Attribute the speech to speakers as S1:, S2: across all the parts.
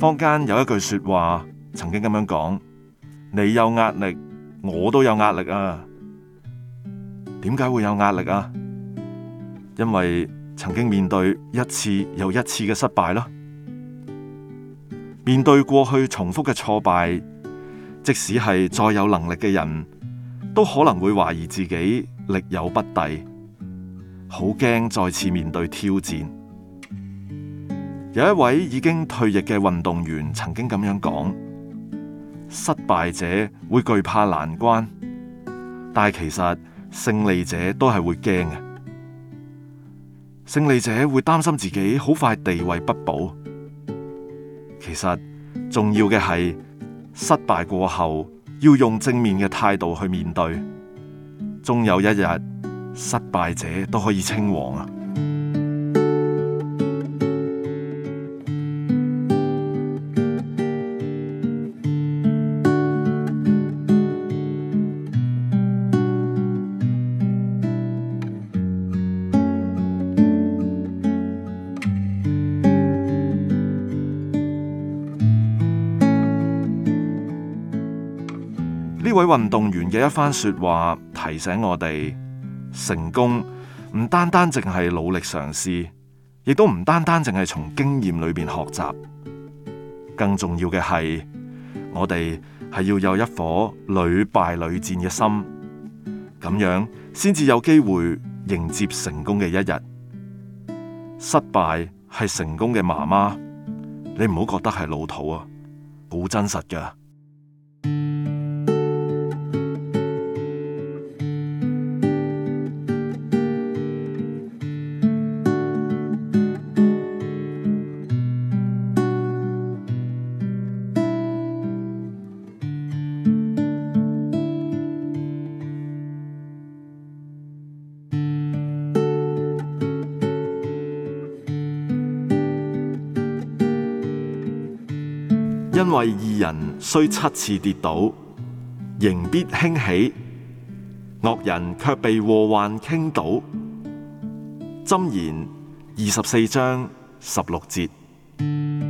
S1: 坊間有一句說話，曾經咁樣講：你有壓力，我都有壓力啊。點解會有壓力啊？因為曾經面對一次又一次嘅失敗咯。面對過去重複嘅挫敗，即使係再有能力嘅人，都可能會懷疑自己力有不逮，好驚再次面對挑戰。有一位已經退役嘅運動員曾經咁樣講：失敗者會懼怕難關，但係其實勝利者都係會驚嘅。勝利者會擔心自己好快地位不保。其實重要嘅係，失敗過後要用正面嘅態度去面對。終有一日，失敗者都可以稱王。呢位運動員嘅一番說話，提醒我哋成功唔單單淨係努力嘗試，亦都唔單單淨係從經驗裏邊學習。更重要嘅係，我哋係要有一顆屢敗屢戰嘅心，咁樣先至有機會迎接成功嘅一日。失敗係成功嘅媽媽，你唔好覺得係老土啊，好真實噶。因為義人雖七次跌倒，仍必興起；惡人卻被禍患傾倒。箴言二十四章十六節。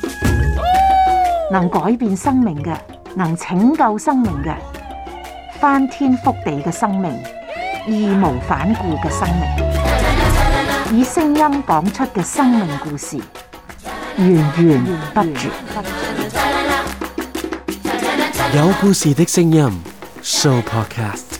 S1: 能改變生命嘅，能拯救生命嘅，翻天覆地嘅生命，義無反顧嘅生命，以聲音講出嘅生命故事，源源不絕。有
S2: 故事的聲音，Show Podcast。